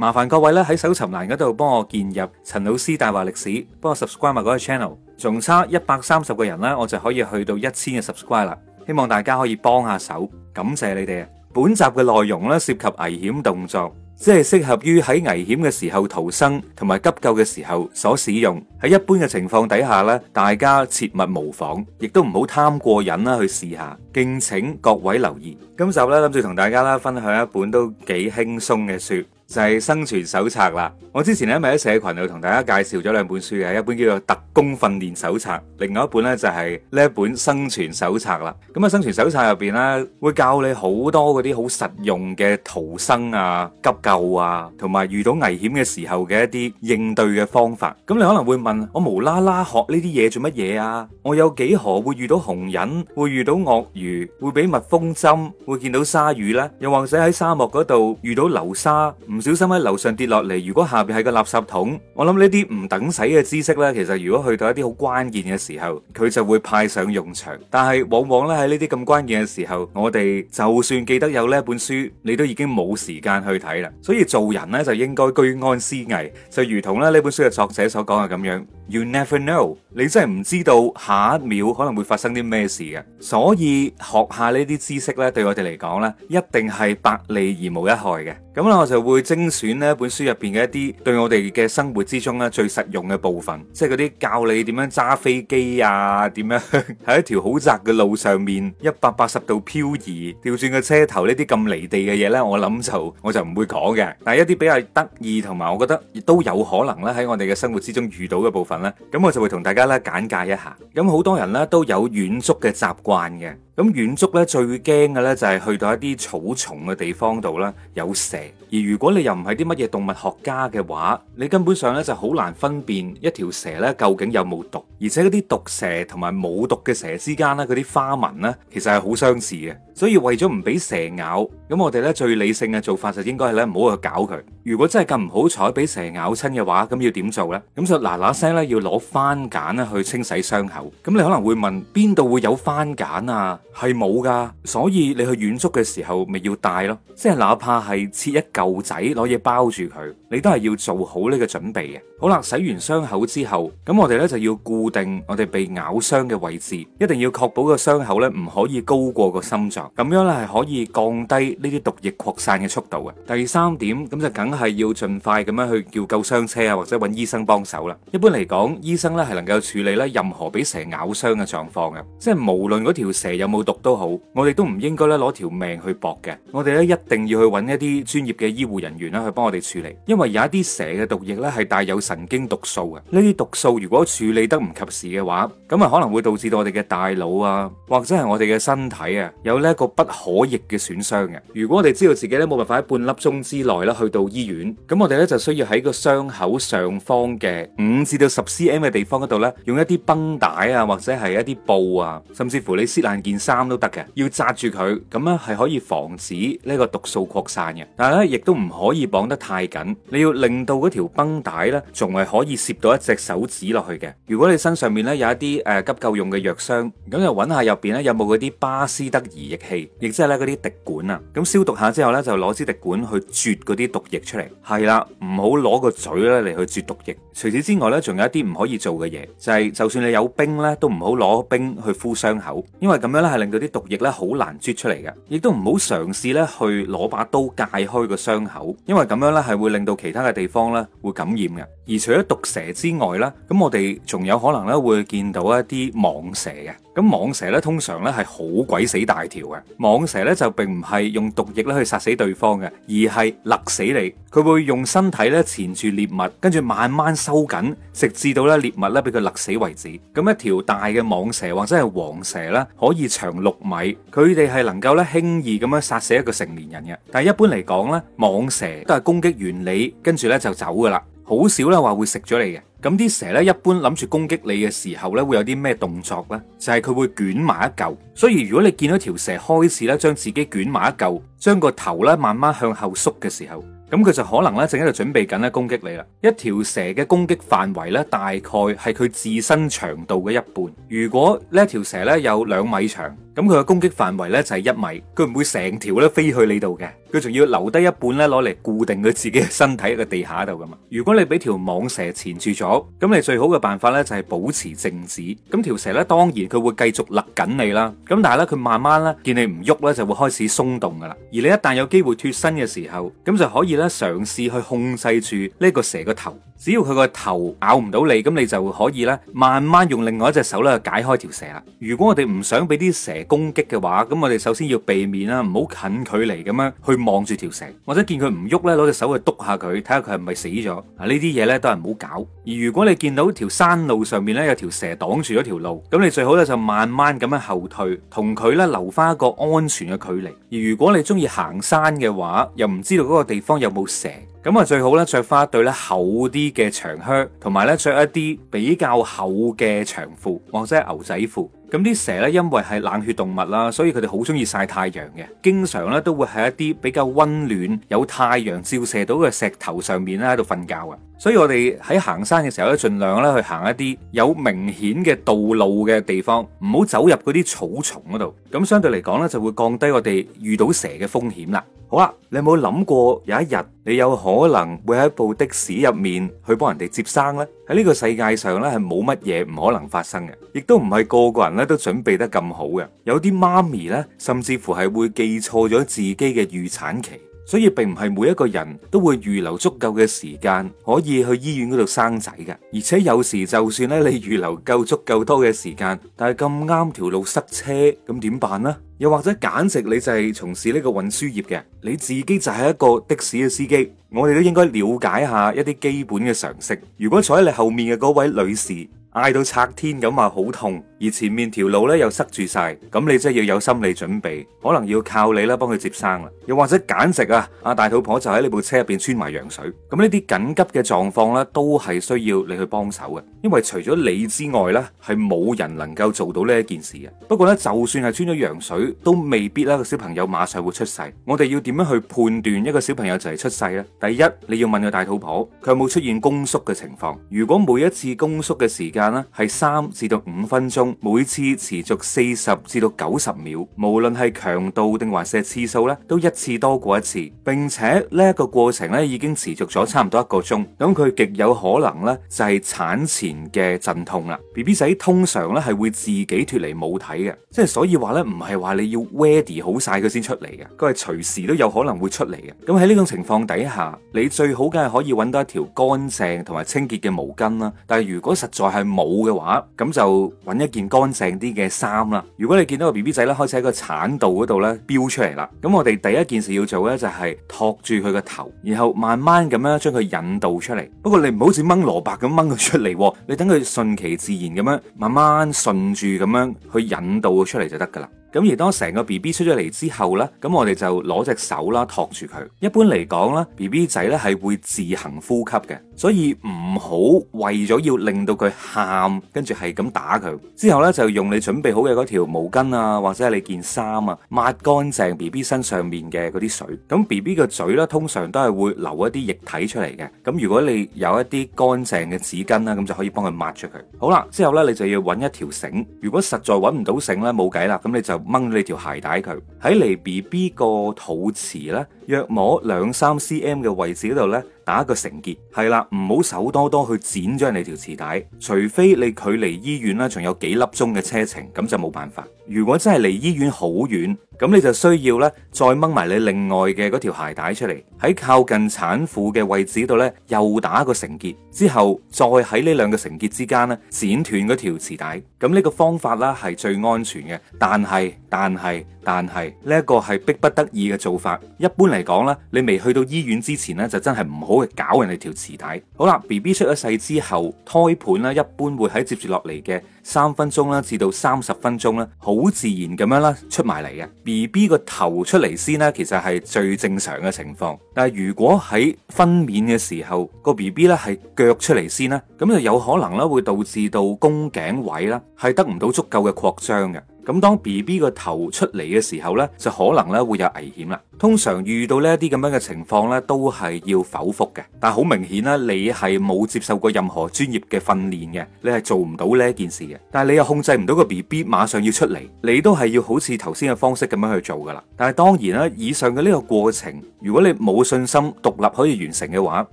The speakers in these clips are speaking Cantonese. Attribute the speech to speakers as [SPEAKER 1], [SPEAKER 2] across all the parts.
[SPEAKER 1] 麻煩各位咧，喺搜尋欄嗰度幫我建入陳老 C 大話歷史，幫我 subscribe 埋嗰個 channel，仲差一百三十個人咧，我就可以去到一千嘅 subscribe 啦。希望大家可以幫下手，感謝你哋啊。本集嘅內容咧涉及危險動作，即係適合於喺危險嘅時候逃生同埋急救嘅時候所使用。喺一般嘅情況底下呢，大家切勿模仿，亦都唔好貪過癮啦去試下，敬請各位留意。今集呢諗住同大家啦分享一本都幾輕鬆嘅書。就係生存手冊啦。我之前咧咪喺社群度同大家介紹咗兩本書嘅，一本叫做特工訓練手冊，另外一本咧就係呢一本生存手冊啦。咁啊，生存手冊入邊咧會教你好多嗰啲好實用嘅逃生啊、急救啊，同埋遇到危險嘅時候嘅一啲應對嘅方法。咁你可能會問我無啦啦學呢啲嘢做乜嘢啊？我有幾何會遇到紅人？會遇到鱷魚？會俾蜜蜂針？會見到鯊魚咧？又或者喺沙漠嗰度遇到流沙？唔？唔小心喺樓上跌落嚟，如果下邊係個垃圾桶，我諗呢啲唔等使嘅知識呢，其實如果去到一啲好關鍵嘅時候，佢就會派上用場。但係往往呢，喺呢啲咁關鍵嘅時候，我哋就算記得有呢本書，你都已經冇時間去睇啦。所以做人呢，就應該居安思危，就如同咧呢本書嘅作者所講嘅咁樣。You never know，你真係唔知道下一秒可能會發生啲咩事嘅，所以學下呢啲知識咧，對我哋嚟講咧，一定係百利而無一害嘅。咁啦，我就會精選呢本書入邊嘅一啲對我哋嘅生活之中咧最實用嘅部分，即係嗰啲教你點樣揸飛機啊，點樣喺一條好窄嘅路上面一百八十度漂移調轉個車頭呢啲咁離地嘅嘢咧，我諗就我就唔會講嘅。但係一啲比較得意同埋我覺得都有可能咧喺我哋嘅生活之中遇到嘅部分。咁我就會同大家咧簡介一下，咁好多人咧都有遠足嘅習慣嘅。咁遠足咧最驚嘅咧就係去到一啲草叢嘅地方度啦，有蛇。而如果你又唔係啲乜嘢動物學家嘅話，你根本上咧就好難分辨一條蛇咧究竟有冇毒。而且嗰啲毒蛇同埋冇毒嘅蛇之間咧，嗰啲花紋咧其實係好相似嘅。所以為咗唔俾蛇咬，咁我哋咧最理性嘅做法就應該係咧唔好去搞佢。如果真係咁唔好彩俾蛇咬親嘅話，咁要點做呢？咁就嗱嗱聲咧要攞番梘咧去清洗傷口。咁你可能會問邊度會有番梘啊？係冇噶，所以你去遠足嘅時候，咪要帶咯。即係哪怕係切一嚿仔，攞嘢包住佢，你都係要做好呢個準備嘅。好啦，洗完傷口之後，咁我哋咧就要固定我哋被咬傷嘅位置，一定要確保個傷口咧唔可以高過個心臟，咁樣咧係可以降低呢啲毒液擴散嘅速度嘅。第三點，咁就梗係要盡快咁樣去叫救傷車啊，或者揾醫生幫手啦。一般嚟講，醫生咧係能夠處理咧任何俾蛇咬傷嘅狀況嘅，即係無論嗰條蛇有冇毒都好，我哋都唔應該咧攞條命去搏嘅。我哋咧一定要去揾一啲專業嘅醫護人員咧去幫我哋處理，因為有一啲蛇嘅毒液咧係帶有。神經毒素啊，呢啲毒素，如果處理得唔及時嘅話，咁啊可能會導致到我哋嘅大腦啊，或者係我哋嘅身體啊，有呢一個不可逆嘅損傷嘅。如果我哋知道自己呢冇辦法喺半粒鐘之內咧去到醫院，咁我哋呢就需要喺個傷口上方嘅五至到十 cm 嘅地方嗰度呢，用一啲繃帶啊，或者係一啲布啊，甚至乎你撕爛件衫都得嘅，要紮住佢，咁樣係可以防止呢個毒素擴散嘅。但係咧，亦都唔可以綁得太緊，你要令到嗰條繃帶呢。仲係可以攝到一隻手指落去嘅。如果你身上面咧有一啲誒、呃、急救用嘅藥箱，咁就揾下入邊咧有冇嗰啲巴斯德移液器，亦即係咧嗰啲滴管啊。咁消毒下之後呢，就攞支滴管去啜嗰啲毒液出嚟。係啦，唔好攞個嘴咧嚟去啜毒液。除此之外呢，仲有一啲唔可以做嘅嘢，就係、是、就算你有冰呢，都唔好攞冰去敷傷口，因為咁樣呢係令到啲毒液呢好難啜出嚟嘅。亦都唔好嘗試呢去攞把刀解開個傷口，因為咁樣呢係會令到其他嘅地方呢會感染嘅。而除咗毒蛇之外咧，咁我哋仲有可能咧會見到一啲蟒蛇嘅。咁蟒蛇咧通常咧係好鬼死大條嘅。蟒蛇咧就並唔係用毒液咧去殺死對方嘅，而係勒死你。佢會用身體咧纏住獵物，跟住慢慢收緊，直至到咧獵物咧俾佢勒死為止。咁一條大嘅蟒蛇或者係黃蛇咧，可以長六米。佢哋係能夠咧輕易咁樣殺死一個成年人嘅。但係一般嚟講咧，蟒蛇都係攻擊完你，跟住咧就走噶啦。好少咧話會食咗你嘅，咁啲蛇咧一般諗住攻擊你嘅時候咧，會有啲咩動作呢？就係佢會捲埋一嚿，所以如果你見到條蛇開始咧將自己捲埋一嚿，將個頭咧慢慢向後縮嘅時候，咁佢就可能咧正喺度準備緊咧攻擊你啦。一條蛇嘅攻擊範圍咧，大概係佢自身長度嘅一半。如果呢條蛇咧有兩米長。咁佢嘅攻擊範圍咧就係一米，佢唔會成條咧飛去你度嘅，佢仲要留低一半咧攞嚟固定佢自己嘅身體喺個地下度噶嘛。如果你俾條蟒蛇纏住咗，咁你最好嘅辦法咧就係保持靜止。咁條蛇咧當然佢會繼續勒緊你啦，咁但係咧佢慢慢咧見你唔喐咧就會開始鬆動噶啦。而你一旦有機會脫身嘅時候，咁就可以咧嘗試去控制住呢個蛇個頭，只要佢個頭咬唔到你，咁你就可以咧慢慢用另外一隻手咧解開條蛇啦。如果我哋唔想俾啲蛇，攻擊嘅話，咁我哋首先要避免啦，唔好近距離咁樣去望住條蛇，或者見佢唔喐呢，攞隻手去篤下佢，睇下佢係咪死咗。啊，呢啲嘢呢，都係唔好搞。而如果你見到條山路上面呢，有條蛇擋住咗條路，咁你最好呢就慢慢咁樣後退，同佢呢留翻一個安全嘅距離。而如果你中意行山嘅話，又唔知道嗰個地方有冇蛇。咁啊，最好咧着翻一對咧厚啲嘅長靴，同埋咧着一啲比較厚嘅長褲或者牛仔褲。咁啲蛇咧，因為係冷血動物啦，所以佢哋好中意曬太陽嘅，經常咧都會喺一啲比較溫暖、有太陽照射到嘅石頭上面咧喺度瞓覺嘅。所以我哋喺行山嘅時候咧，盡量咧去行一啲有明顯嘅道路嘅地方，唔好走入嗰啲草叢嗰度。咁相對嚟講咧，就會降低我哋遇到蛇嘅風險啦。好啦，啊，你有冇諗過有一日你有可能會喺部的士入面去幫人哋接生呢？喺呢個世界上呢係冇乜嘢唔可能發生嘅，亦都唔係個個人呢都準備得咁好嘅。有啲媽咪呢，甚至乎係會記錯咗自己嘅預產期。所以並唔係每一個人都會預留足夠嘅時間可以去醫院嗰度生仔嘅，而且有時就算咧你預留夠足夠多嘅時間，但係咁啱條路塞車，咁點辦呢？又或者簡直你就係從事呢個運輸業嘅，你自己就係一個的士嘅司機，我哋都應該了解下一啲基本嘅常識。如果坐喺你後面嘅嗰位女士。嗌到拆天咁呀，好痛，而前面條路咧又塞住晒，咁你真係要有心理準備，可能要靠你啦幫佢接生啦，又或者簡直啊！阿大肚婆就喺你部車入邊穿埋羊水，咁呢啲緊急嘅狀況咧，都係需要你去幫手嘅，因為除咗你之外咧，係冇人能夠做到呢一件事嘅。不過咧，就算係穿咗羊水，都未必啦個小朋友馬上會出世。我哋要點樣去判斷一個小朋友就係出世咧？第一，你要問個大肚婆，佢有冇出現宮縮嘅情況？如果每一次宮縮嘅時間，間咧係三至到五分鐘，每次持續四十至到九十秒。無論係強度定還是次數咧，都一次多過一次，並且呢一個過程咧已經持續咗差唔多一個鐘。咁佢極有可能咧就係產前嘅陣痛啦。BB 仔通常咧係會自己脫離母體嘅，即係所以話咧唔係話你要 ready 好晒佢先出嚟嘅，佢係隨時都有可能會出嚟嘅。咁喺呢種情況底下，你最好梗係可以揾到一條乾淨同埋清潔嘅毛巾啦。但係如果實在係，冇嘅話，咁就揾一件乾淨啲嘅衫啦。如果你見到個 B B 仔咧開始喺個產道嗰度咧飆出嚟啦，咁我哋第一件事要做咧就係托住佢個頭，然後慢慢咁樣將佢引導出嚟。不過你唔好似掹蘿蔔咁掹佢出嚟，你等佢順其自然咁樣，慢慢順住咁樣去引導佢出嚟就得噶啦。咁而當成個 B B 出咗嚟之後呢，咁我哋就攞隻手啦托住佢。一般嚟講咧，B B 仔呢係會自行呼吸嘅。所以唔好為咗要令到佢喊，跟住係咁打佢。之後呢，就用你準備好嘅嗰條毛巾啊，或者係你件衫啊，抹乾淨 B B 身上面嘅嗰啲水。咁 B B 個嘴呢，通常都係會流一啲液體出嚟嘅。咁如果你有一啲乾淨嘅紙巾啦，咁就可以幫佢抹出佢。好啦，之後呢，你就要揾一條繩。如果實在揾唔到繩呢，冇計啦，咁你就掹咗你條鞋帶佢喺嚟 B B 個肚臍呢，約摸兩三 C M 嘅位置嗰度呢。打個成結係啦，唔好手多多去剪咗你條臍帶，除非你距離醫院咧仲有幾粒鐘嘅車程，咁就冇辦法。如果真係離醫院好遠，咁你就需要呢，再掹埋你另外嘅嗰條鞋帶出嚟，喺靠近產婦嘅位置度呢，又打個成結，之後再喺呢兩個成結之間呢，剪斷嗰條臍帶。咁呢個方法啦係最安全嘅，但係但係但係呢一個係逼不得已嘅做法。一般嚟講咧，你未去到醫院之前呢，就真係唔好好搞人哋條臍帶，好啦，B B 出咗世之後，胎盤咧一般會喺接住落嚟嘅三分鐘啦，至到三十分鐘咧，好自然咁樣啦出埋嚟嘅。B B 個頭出嚟先呢，其實係最正常嘅情況。但係如果喺分娩嘅時候個 B B 咧係腳出嚟先咧，咁就有可能咧會導致到宮頸位啦係得唔到足夠嘅擴張嘅。咁當 B B 個頭出嚟嘅時候呢，就可能呢會有危險啦。通常遇到呢一啲咁樣嘅情況呢，都係要剖腹嘅。但係好明顯啦，你係冇接受過任何專業嘅訓練嘅，你係做唔到呢一件事嘅。但係你又控制唔到個 B B 馬上要出嚟，你都係要好似頭先嘅方式咁樣去做噶啦。但係當然啦，以上嘅呢個過程，如果你冇信心獨立可以完成嘅話，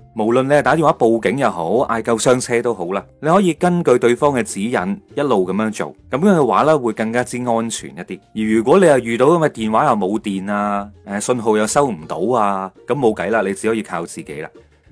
[SPEAKER 1] 無論你係打電話報警又好，嗌救傷車都好啦，你可以根據對方嘅指引一路咁樣做。咁樣嘅話呢，會更加尖。安全一啲，如果你又遇到咁嘅電話又冇電啊，誒信號又收唔到啊，咁冇計啦，你只可以靠自己啦。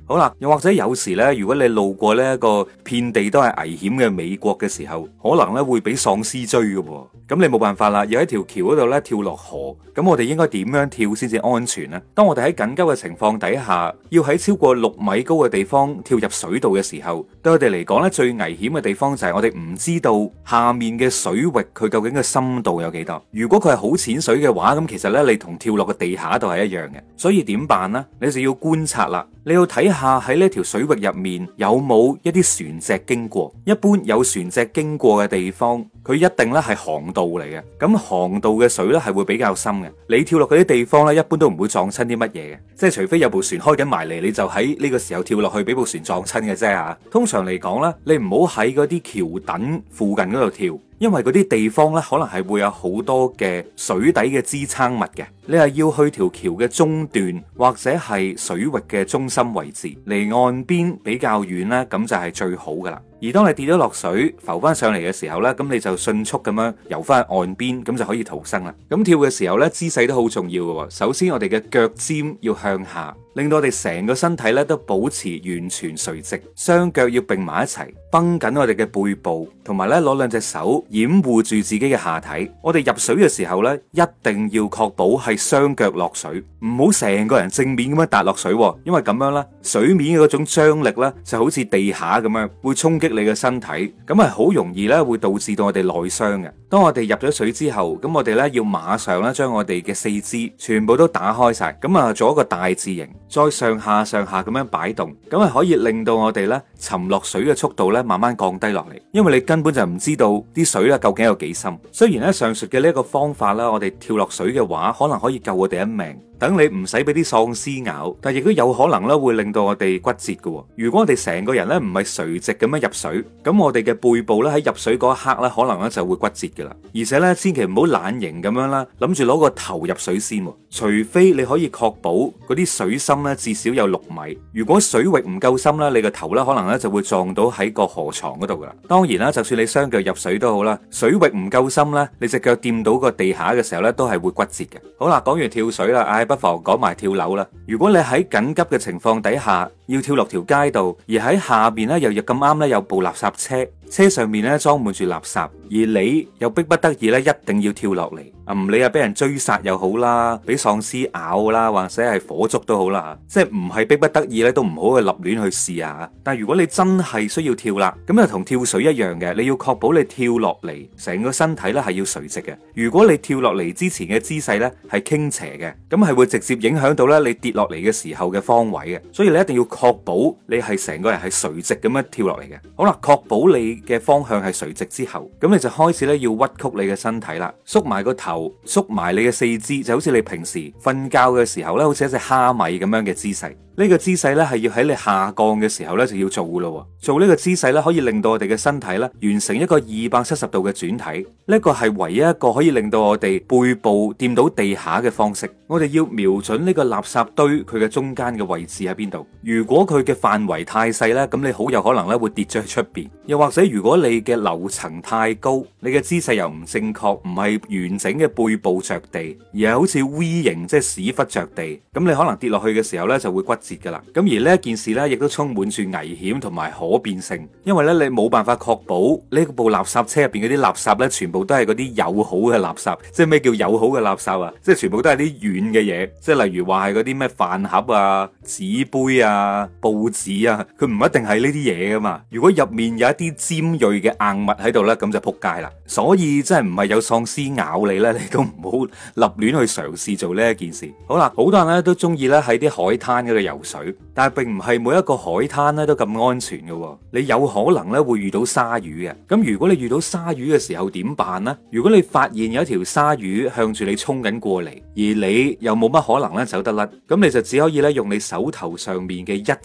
[SPEAKER 1] 好啦，又或者有時咧，如果你路過呢一個遍地都係危險嘅美國嘅時候，可能咧會俾喪屍追嘅喎、哦。咁你冇辦法啦，要喺條橋嗰度咧跳落河。咁我哋應該點樣跳先至安全呢？當我哋喺緊急嘅情況底下，要喺超過六米高嘅地方跳入水道嘅時候，對我哋嚟講咧最危險嘅地方就係我哋唔知道下面嘅水域佢究竟嘅深度有幾多。如果佢係好淺水嘅話，咁其實咧你同跳落個地下度係一樣嘅。所以點辦呢？你就要觀察啦，你要睇下。睇下喺呢條水域入面有冇一啲船隻經過？一般有船隻經過嘅地方，佢一定咧係航道嚟嘅。咁航道嘅水咧係會比較深嘅。你跳落嗰啲地方咧，一般都唔會撞親啲乜嘢嘅。即係除非有部船開緊埋嚟，你就喺呢個時候跳落去俾部船撞親嘅啫啊！通常嚟講咧，你唔好喺嗰啲橋墩附近嗰度跳。因為嗰啲地方咧，可能係會有好多嘅水底嘅支撐物嘅，你係要去條橋嘅中段或者係水域嘅中心位置，離岸邊比較遠呢，咁就係最好噶啦。而當你跌咗落水浮翻上嚟嘅時候呢，咁你就迅速咁樣游翻去岸邊，咁就可以逃生啦。咁跳嘅時候呢，姿勢都好重要嘅。首先，我哋嘅腳尖要向下。令到我哋成個身體咧都保持完全垂直，雙腳要並埋一齊，繃緊我哋嘅背部，同埋咧攞兩隻手掩護住自己嘅下體。我哋入水嘅時候咧，一定要確保係雙腳落水，唔好成個人正面咁樣踏落水喎，因為咁樣咧水面嘅嗰種張力咧就好似地下咁樣會衝擊你嘅身體，咁係好容易咧會導致到我哋內傷嘅。當我哋入咗水之後，咁我哋咧要馬上咧將我哋嘅四肢全部都打開晒，咁啊做一個大字形。再上下上下咁樣擺動，咁係可以令到我哋呢沉落水嘅速度呢慢慢降低落嚟，因為你根本就唔知道啲水呢究竟有幾深。雖然呢上述嘅呢一個方法啦，我哋跳落水嘅話，可能可以救我哋一命。等你唔使俾啲喪屍咬，但係亦都有可能咧，會令到我哋骨折嘅。如果我哋成個人咧唔係垂直咁樣入水，咁我哋嘅背部咧喺入水嗰一刻咧，可能咧就會骨折噶啦。而且咧，千祈唔好懶型咁樣啦，諗住攞個頭入水先，除非你可以確保嗰啲水深咧至少有六米。如果水域唔夠深啦，你個頭咧可能咧就會撞到喺個河床嗰度噶啦。當然啦，就算你雙腳入水都好啦，水域唔夠深咧，你隻腳掂到個地下嘅時候咧，都係會骨折嘅。好啦，講完跳水啦，唉。不妨講埋跳樓啦。如果你喺緊急嘅情況底下要跳落條街度，而喺下邊咧又又咁啱咧有部垃圾車。車上面咧裝滿住垃圾，而你又逼不得已咧一定要跳落嚟，唔理啊俾人追殺又好啦，俾喪屍咬啦，或者係火燭都好啦，即係唔係逼不得已咧都唔好去立亂去試下。但係如果你真係需要跳啦，咁啊同跳水一樣嘅，你要確保你跳落嚟成個身體咧係要垂直嘅。如果你跳落嚟之前嘅姿勢咧係傾斜嘅，咁係會直接影響到咧你跌落嚟嘅時候嘅方位嘅。所以你一定要確保你係成個人係垂直咁樣跳落嚟嘅。好啦，確保你嘅方向係垂直之後，咁你就開始咧要屈曲你嘅身體啦，縮埋個頭，縮埋你嘅四肢，就好似你平時瞓覺嘅時候咧，好似一隻蝦米咁樣嘅姿勢。呢個姿勢咧係要喺你下降嘅時候咧就要做咯。做呢個姿勢咧可以令到我哋嘅身體咧完成一個二百七十度嘅轉體。呢個係唯一一個可以令到我哋背部掂到地下嘅方式。我哋要瞄準呢個垃圾堆佢嘅中間嘅位置喺邊度。如果佢嘅範圍太細咧，咁你好有可能咧會跌咗喺出邊，又或者。如果你嘅樓層太高，你嘅姿勢又唔正確，唔係完整嘅背部着地，而係好似 V 型即係屎忽着地，咁你可能跌落去嘅時候咧就會骨折噶啦。咁而呢一件事咧亦都充滿住危險同埋可變性，因為咧你冇辦法確保呢部垃圾車入邊嗰啲垃圾咧全部都係嗰啲友好嘅垃圾，即係咩叫友好嘅垃圾啊？即係全部都係啲軟嘅嘢，即係例如話係嗰啲咩飯盒啊、紙杯啊、報紙啊，佢唔一定係呢啲嘢噶嘛。如果入面有一啲尖銳嘅硬物喺度咧，咁就扑街啦。所以真係唔係有喪屍咬你咧，你都唔好立亂去嘗試做呢一件事。好啦，好多人呢都中意呢喺啲海灘嗰度游水，但係並唔係每一個海灘呢都咁安全㗎喎。你有可能呢會遇到鯊魚嘅。咁如果你遇到鯊魚嘅時候點辦呢？如果你發現有一條鯊魚向住你衝緊過嚟，而你又冇乜可能呢走得甩，咁你就只可以呢用你手頭上面嘅一切，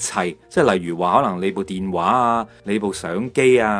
[SPEAKER 1] 即係例如話可能你部電話啊，你部相機啊。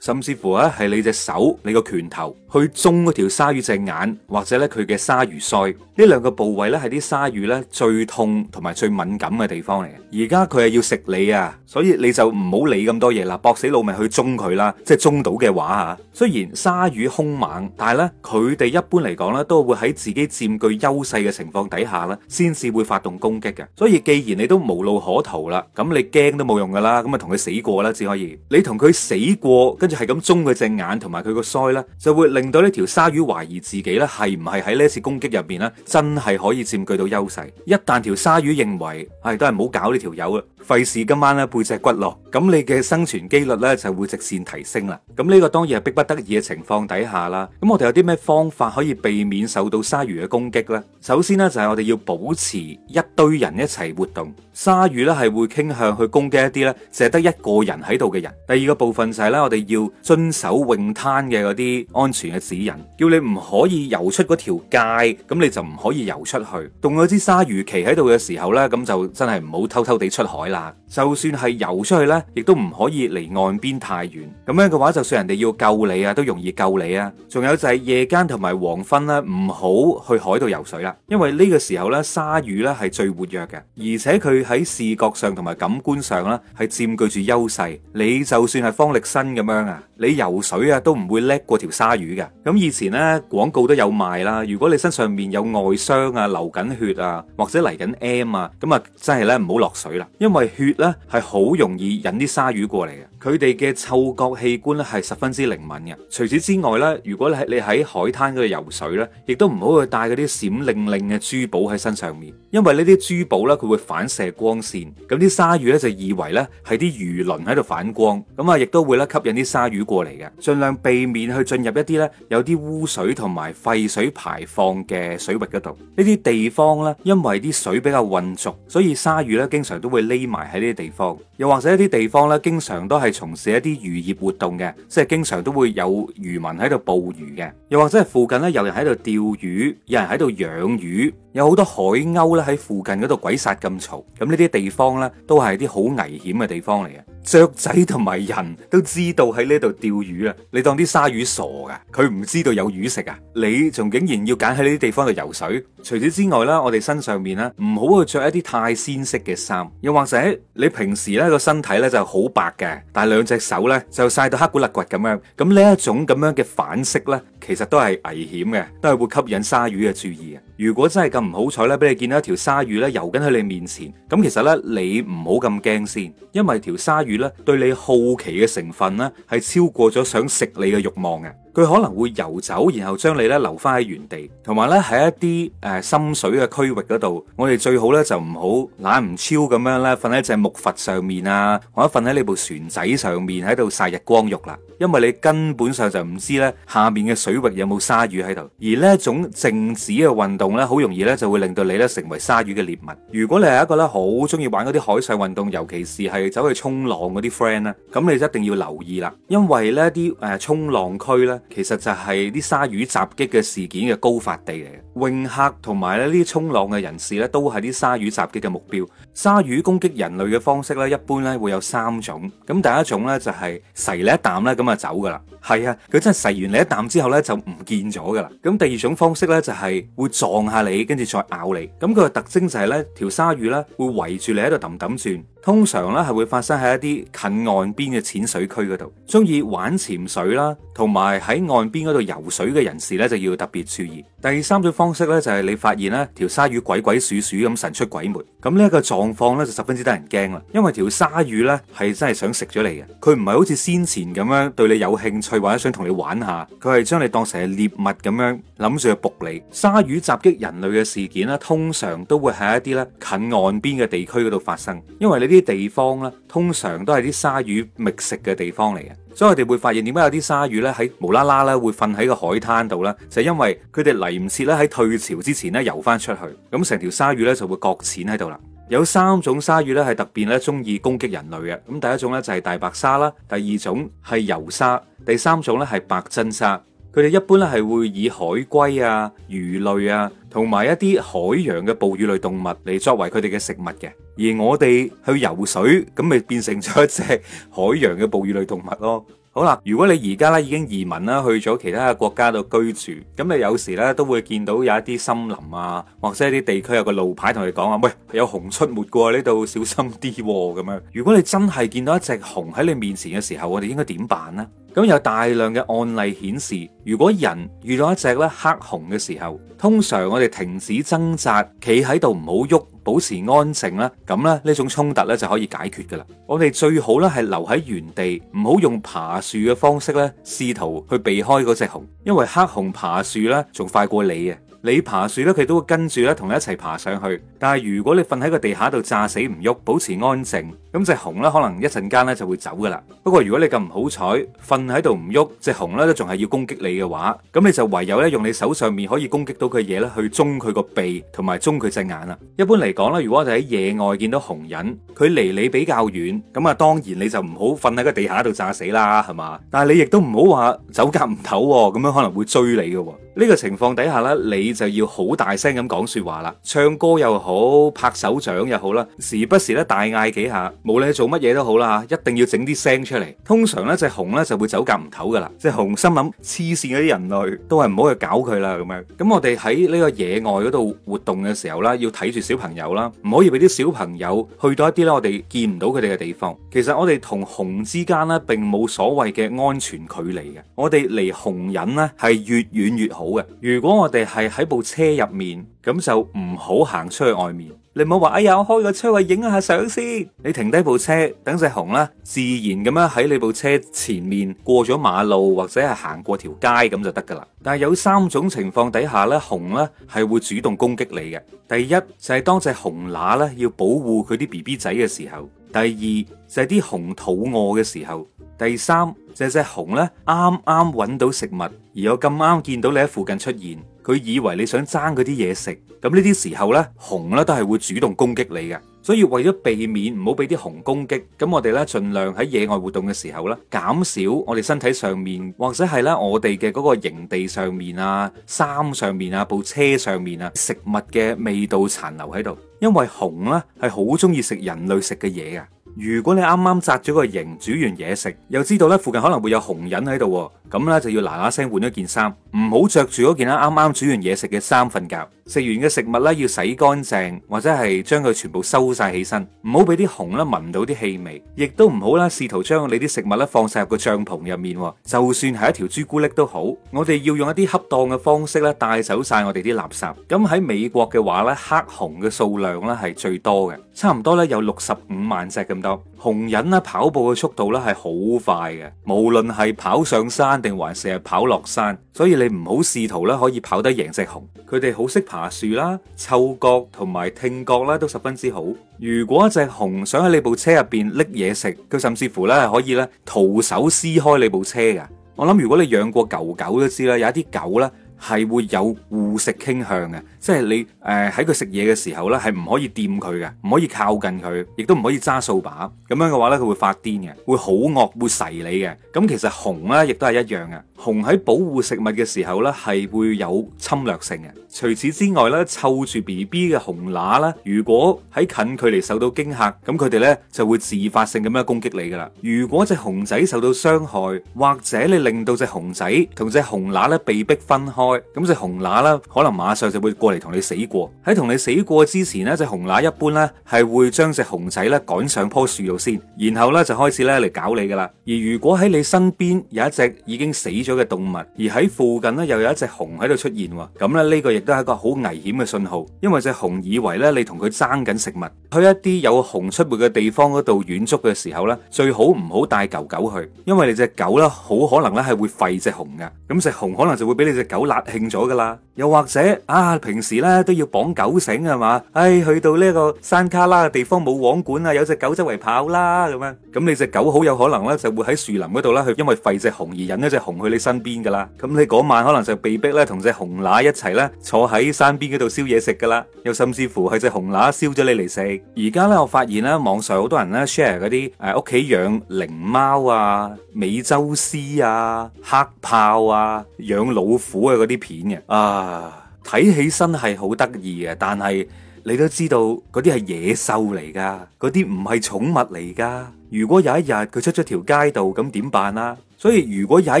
[SPEAKER 1] 甚至乎咧，係你隻手，你個拳頭去中嗰條鯊魚隻眼，或者咧佢嘅鯊魚腮。呢兩個部位咧係啲鯊魚咧最痛同埋最敏感嘅地方嚟嘅。而家佢係要食你啊，所以你就唔好理咁多嘢啦，搏死老命去中佢啦。即係中到嘅話啊，雖然鯊魚兇猛，但係咧佢哋一般嚟講咧都會喺自己佔據優勢嘅情況底下咧，先至會發動攻擊嘅。所以既然你都無路可逃啦，咁你驚都冇用噶啦，咁咪同佢死過啦，只可以。你同佢死過跟。係咁中佢隻眼同埋佢個腮呢，就會令到呢條鯊魚懷疑自己呢係唔係喺呢次攻擊入邊呢，真係可以佔據到優勢。一旦條鯊魚認為，唉，都係唔好搞呢條友啦。費事今晚咧背脊骨落，咁你嘅生存機率咧就會直線提升啦。咁呢個當然係逼不得已嘅情況底下啦。咁我哋有啲咩方法可以避免受到鯊魚嘅攻擊呢？首先呢，就係、是、我哋要保持一堆人一齊活動，鯊魚呢係會傾向去攻擊一啲呢淨得一個人喺度嘅人。第二個部分就係咧，我哋要遵守泳灘嘅嗰啲安全嘅指引，叫你唔可以游出嗰條界，咁你就唔可以游出去。當咗支鯊魚旗喺度嘅時候呢，咁就真係唔好偷偷地出海。嗱，就算係游出去咧，亦都唔可以離岸邊太遠。咁樣嘅話，就算人哋要救你啊，都容易救你啊。仲有就係夜間同埋黃昏咧，唔好去海度游水啦。因為呢個時候咧，鯊魚咧係最活躍嘅，而且佢喺視覺上同埋感官上咧，係佔據住優勢。你就算係方力申咁樣啊，你游水啊都唔會叻過條鯊魚嘅。咁以前咧廣告都有賣啦，如果你身上面有外傷啊、流緊血啊，或者嚟緊 M 啊，咁啊真係咧唔好落水啦，因為。血咧，係好容易引啲鯊魚過嚟嘅。佢哋嘅嗅覺器官咧係十分之靈敏嘅。除此之外咧，如果你喺你喺海灘嗰度游水咧，亦都唔好去帶嗰啲閃靈靈嘅珠寶喺身上面，因為呢啲珠寶咧佢會反射光線，咁啲鯊魚咧就以為咧係啲魚鱗喺度反光，咁啊亦都會咧吸引啲鯊魚過嚟嘅。儘量避免去進入一啲咧有啲污水同埋廢水排放嘅水域嗰度。呢啲地方咧，因為啲水比較混濁，所以鯊魚咧經常都會匿埋喺呢啲地方。又或者一啲地方咧，經常都係。從事一啲漁業活動嘅，即係經常都會有漁民喺度捕魚嘅，又或者係附近咧有人喺度釣魚，有人喺度養魚，有好多海鷗咧喺附近嗰度鬼殺咁嘈，咁呢啲地方呢，都係啲好危險嘅地方嚟嘅。雀仔同埋人都知道喺呢度釣魚啦，你當啲鯊魚傻㗎？佢唔知道有魚食啊！你仲竟然要揀喺呢啲地方度游水？除此之外啦，我哋身上面咧唔好去着一啲太鮮色嘅衫，又或者你平時咧個身體咧就好白嘅，但係兩隻手咧就曬到黑骨甩骨咁樣，咁呢一種咁樣嘅反色咧。其實都係危險嘅，都係會吸引鯊魚嘅注意嘅。如果真係咁唔好彩呢，俾你見到一條鯊魚呢游緊喺你面前，咁其實呢，你唔好咁驚先，因為條鯊魚呢對你好奇嘅成分呢，係超過咗想食你嘅慾望嘅。佢可能會游走，然後將你呢留返喺原地，同埋呢，喺一啲誒、呃、深水嘅區域嗰度，我哋最好呢就唔好懶唔超咁樣呢瞓喺隻木筏上面啊，或者瞓喺你部船仔上面喺度曬日光浴啦。因為你根本上就唔知咧，下面嘅水域有冇鯊魚喺度，而呢一種靜止嘅運動咧，好容易咧就會令到你咧成為鯊魚嘅獵物。如果你係一個咧好鍾意玩嗰啲海上運動，尤其是係走去沖浪嗰啲 friend 咧，咁你就一定要留意啦。因為呢啲誒沖浪區咧，其實就係啲鯊魚襲擊嘅事件嘅高發地嚟嘅。泳客同埋呢啲沖浪嘅人士咧，都係啲鯊魚襲擊嘅目標。鯊魚攻擊人類嘅方式咧，一般咧會有三種。咁第一種呢，就係噬你一啖咧，咁啊～走噶啦，係啊，佢真係噬完你一啖之後咧，就唔見咗噶啦。咁第二種方式咧，就係會撞下你，跟住再咬你。咁佢個特徵就係咧，條鯊魚咧會圍住你喺度氹氹轉。通常咧係會發生喺一啲近岸邊嘅淺水區嗰度，中意玩潛水啦，同埋喺岸邊嗰度游水嘅人士咧就要特別注意。第三種方式咧就係你發現咧條鯊魚鬼鬼祟祟咁神出鬼沒，咁呢一個狀況咧就十分之得人驚啦，因為條鯊魚咧係真係想食咗你嘅，佢唔係好似先前咁樣對你有興趣或者想同你玩下，佢係將你當成係獵物咁樣諗住去捕你。鯊魚襲擊人類嘅事件咧通常都會喺一啲咧近岸邊嘅地區嗰度發生，因為你。啲地方咧，通常都係啲鯊魚覓食嘅地方嚟嘅，所以我哋會發現點解有啲鯊魚咧喺無啦啦咧會瞓喺個海灘度咧，就係因為佢哋嚟唔切咧喺退潮之前咧游翻出去，咁成條鯊魚咧就會擱淺喺度啦。有三種鯊魚咧係特別咧中意攻擊人類嘅，咁第一種咧就係大白鯊啦，第二種係油鯊，第三種咧係白真鯊。佢哋一般咧係會以海龜啊、魚類啊，同埋一啲海洋嘅哺乳類動物嚟，作為佢哋嘅食物嘅，而我哋去游水咁，咪變成咗一隻海洋嘅哺乳類動物咯。好啦，如果你而家咧已經移民啦，去咗其他嘅國家度居住，咁你有時咧都會見到有一啲森林啊，或者一啲地區有個路牌同你講啊，喂，有熊出沒嘅呢度，小心啲咁、哦、樣。如果你真係見到一隻熊喺你面前嘅時候，我哋應該點辦呢？咁有大量嘅案例顯示，如果人遇到一隻咧黑熊嘅時候，通常我哋停止掙扎，企喺度唔好喐。保持安靜啦，咁咧呢種衝突呢就可以解決㗎喇。我哋最好呢係留喺原地，唔好用爬樹嘅方式呢試圖去避開嗰隻熊，因為黑熊爬樹呢仲快過你啊！你爬樹咧，佢都會跟住咧，同你一齊爬上去。但係如果你瞓喺個地下度炸死唔喐，保持安靜，咁隻熊咧可能一陣間咧就會走㗎喇。不過如果你咁唔好彩，瞓喺度唔喐，隻熊咧都仲係要攻擊你嘅話，咁你就唯有咧用你手上面可以攻擊到佢嘅嘢咧，去中佢個鼻同埋中佢隻眼啦。一般嚟講咧，如果我哋喺野外見到熊人，佢離你比較遠，咁啊當然你就唔好瞓喺個地下度炸死啦，係嘛？但係你亦都唔好話走夾唔唞喎，咁樣可能會追你嘅喎。呢個情況底下呢你就要好大聲咁講說話啦，唱歌又好，拍手掌又好啦，時不時咧大嗌幾下，無論做乜嘢都好啦，一定要整啲聲出嚟。通常呢隻熊呢就會走夾唔唞㗎啦，隻熊心諗黐線嗰啲人類都係唔好去搞佢啦咁樣。咁我哋喺呢個野外嗰度活動嘅時候咧，要睇住小朋友啦，唔可以俾啲小朋友去到一啲咧我哋見唔到佢哋嘅地方。其實我哋同熊之間呢，並冇所謂嘅安全距離嘅，我哋離熊人呢，係越遠越好。好嘅，如果我哋係喺部車入面，咁就唔好行出去外面。你唔好話哎呀，我開個車去影下相先。你停低部車，等隻熊啦，自然咁樣喺你部車前面過咗馬路，或者係行過條街咁就得噶啦。但係有三種情況底下呢，熊呢係會主動攻擊你嘅。第一就係當隻熊乸呢要保護佢啲 BB 仔嘅時候，第二就係啲熊肚餓嘅時候。第三，只隻熊咧啱啱搵到食物，而我咁啱見到你喺附近出現，佢以為你想爭嗰啲嘢食，咁呢啲時候呢，熊咧都係會主動攻擊你嘅。所以為咗避免唔好俾啲熊攻擊，咁我哋呢盡量喺野外活動嘅時候呢，減少我哋身體上面或者係呢我哋嘅嗰個營地上面啊、衫上面啊、部車上面啊、食物嘅味道殘留喺度，因為熊呢係好中意食人類食嘅嘢嘅。如果你啱啱紮咗個營，煮完嘢食，又知道咧附近可能會有紅癢喺度，咁呢就要嗱嗱聲換一件衫，唔好着住嗰件啱啱煮完嘢食嘅衫瞓覺。食完嘅食物咧，要洗乾淨，或者係將佢全部收晒起身，唔好俾啲熊啦聞到啲氣味，亦都唔好啦，試圖將你啲食物咧放晒入個帳篷入面，就算係一條朱古力都好，我哋要用一啲恰當嘅方式咧帶走晒我哋啲垃圾。咁喺美國嘅話咧，黑熊嘅數量咧係最多嘅，差唔多咧有六十五萬隻咁多。熊人咧，跑步嘅速度咧係好快嘅，無論係跑上山定還是係跑落山，所以你唔好試圖咧可以跑得贏隻熊，佢哋好識跑。爬樹啦、嗅覺同埋聽覺咧都十分之好。如果一隻熊想喺你部車入邊拎嘢食，佢甚至乎咧係可以咧徒手撕開你部車嘅。我諗如果你養過狗狗都知啦，有一啲狗咧係會有護食傾向嘅。即係你誒喺佢食嘢嘅時候呢，係唔可以掂佢嘅，唔可以靠近佢，亦都唔可以揸掃把。咁樣嘅話呢，佢會發癲嘅，會好惡，會噬你嘅。咁其實熊呢，亦都係一樣嘅。熊喺保護食物嘅時候呢，係會有侵略性嘅。除此之外呢，湊住 BB 嘅熊乸呢，如果喺近距離受到驚嚇，咁佢哋呢就會自發性咁樣攻擊你㗎喇。如果隻熊仔受到傷害，或者你令到隻熊仔同隻熊乸呢被迫分開，咁隻熊乸呢，可能馬上就會過嚟同你死過喺同你死過之前咧，隻熊乸一般咧係會將隻熊仔咧趕上棵樹度先，然後咧就開始咧嚟搞你噶啦。而如果喺你身邊有一隻已經死咗嘅動物，而喺附近咧又有一隻熊喺度出現，咁咧呢個亦都係一個好危險嘅信號，因為隻熊以為咧你同佢爭緊食物。去一啲有熊出沒嘅地方嗰度遠足嘅時候咧，最好唔好帶狗狗去，因為你隻狗咧好可能咧係會吠隻熊噶，咁隻熊可能就會俾你隻狗辣㷫咗噶啦。又或者啊平時咧都要綁狗繩係嘛，唉、哎，去到呢個山卡拉嘅地方冇網管啊，有隻狗周圍跑啦咁樣，咁你隻狗好有可能咧就會喺樹林嗰度咧去，因為吠隻熊而引咗隻熊去你身邊噶啦，咁你嗰晚可能就被逼咧同隻熊乸一齊咧坐喺山邊嗰度燒嘢食噶啦，又甚至乎係隻熊乸燒咗你嚟食。而家咧我發現咧網上好多人咧 share 嗰啲誒，屋企養靈貓啊、美洲獅啊、黑豹啊、養老虎啊嗰啲片嘅啊。睇起身係好得意嘅，但係你都知道嗰啲係野獸嚟㗎，嗰啲唔係寵物嚟㗎。如果有一日佢出咗條街度，咁點辦啊？所以如果有一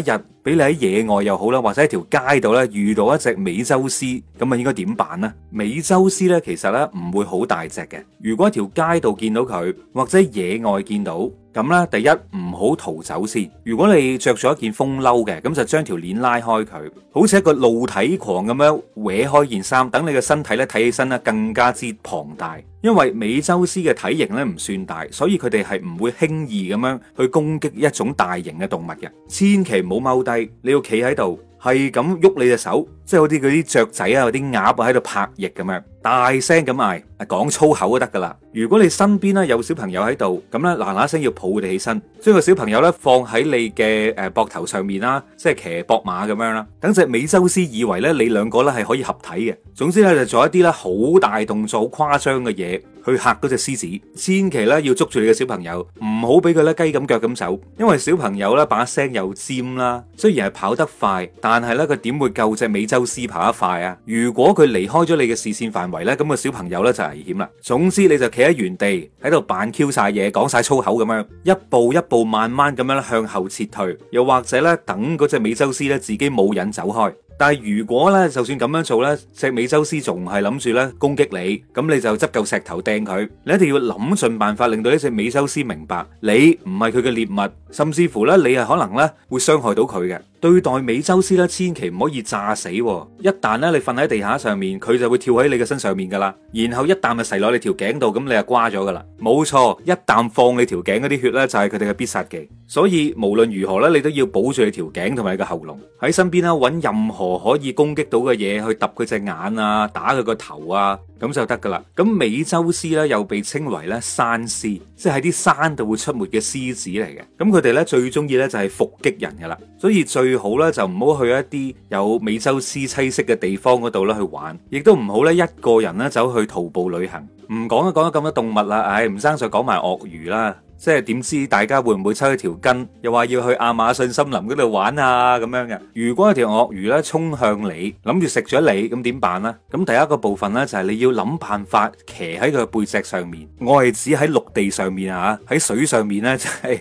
[SPEAKER 1] 日，俾你喺野外又好啦，或者喺條街度咧遇到一隻美洲獅，咁啊應該點辦呢？美洲獅咧其實咧唔會好大隻嘅。如果喺條街度見到佢，或者野外見到，咁咧第一唔好逃走先。如果你着咗一件風褸嘅，咁就將條鏈拉開佢，好似一個露體狂咁樣歪開件衫，等你嘅身體咧睇起身咧更加之龐大。因為美洲獅嘅體型咧唔算大，所以佢哋係唔會輕易咁樣去攻擊一種大型嘅動物嘅。千祈唔好踎。係你要企喺度，係咁喐你隻手。即係好似嗰啲雀仔啊，啲鴨啊喺度拍翼咁樣，大聲咁嗌，講粗口都得噶啦。如果你身邊咧有小朋友喺度，咁咧嗱嗱聲要抱佢哋起身，將個小朋友咧放喺你嘅誒膊頭上面啦，即係騎膊馬咁樣啦。等隻美洲獅以為咧你兩個咧係可以合體嘅，總之咧就做一啲咧好大動作、好誇張嘅嘢去嚇嗰隻獅子。千祈咧要捉住你嘅小朋友，唔好俾佢咧雞咁腳咁走，因為小朋友咧把聲又尖啦，雖然係跑得快，但係咧佢點會救隻美洲？美洲獅跑得快啊！如果佢離開咗你嘅視線範圍咧，咁個小朋友咧就危險啦。總之，你就企喺原地喺度扮 Q 晒嘢，講晒粗口咁樣，一步一步慢慢咁樣向後撤退，又或者咧等嗰隻美洲獅咧自己冇癮走開。但係如果咧就算咁樣做咧，隻美洲獅仲係諗住咧攻擊你，咁你就執夠石頭掟佢。你一定要諗盡辦法，令到呢隻美洲獅明白你唔係佢嘅獵物，甚至乎咧你係可能咧會傷害到佢嘅。對待美洲獅咧，千祈唔可以詐死。一旦咧你瞓喺地下上面，佢就會跳喺你嘅身上面噶啦。然後一啖就噬落你條頸度，咁你就瓜咗噶啦。冇錯，一啖放你條頸嗰啲血咧，就係佢哋嘅必殺技。所以無論如何咧，你都要保住你條頸同埋你嘅喉嚨。喺身邊咧揾任何可以攻擊到嘅嘢去揼佢隻眼啊，打佢個頭啊，咁就得噶啦。咁美洲獅咧又被稱為咧山獅，即係喺啲山度會出沒嘅獅子嚟嘅。咁佢哋咧最中意咧就係伏擊人噶啦，所以最最好咧就唔好去一啲有美洲獅棲息嘅地方嗰度咧去玩，亦都唔好咧一個人咧走去徒步旅行。唔講啊，講咗咁多動物啦，唉，吳生再講埋鱷魚啦，即係點知大家會唔會抽一條筋？又話要去亞馬遜森林嗰度玩啊咁樣嘅。如果一條鱷魚咧衝向你，諗住食咗你，咁點辦咧？咁第一個部分咧就係你要諗辦法騎喺佢背脊上面。我係指喺陸地上面啊，喺水上面咧就係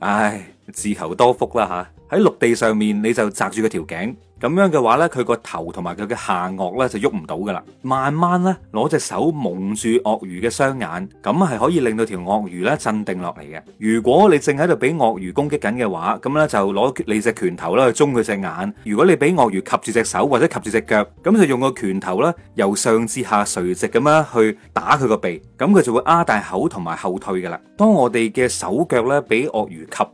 [SPEAKER 1] 唉，自求多福啦吓。喺陸地上面，你就紮住個條頸。咁樣嘅話呢，佢個頭同埋佢嘅下顎呢，就喐唔到噶啦。慢慢呢，攞隻手蒙住鱷魚嘅雙眼，咁係可以令到條鱷魚呢，鎮定落嚟嘅。如果你正喺度俾鱷魚攻擊緊嘅話，咁呢就攞你隻拳頭咧，去中佢隻眼。如果你俾鱷魚及住隻手或者及住隻腳，咁就用個拳頭呢，由上至下垂直咁樣去打佢個鼻，咁佢就會呃大口同埋後退噶啦。當我哋嘅手腳呢，俾鱷魚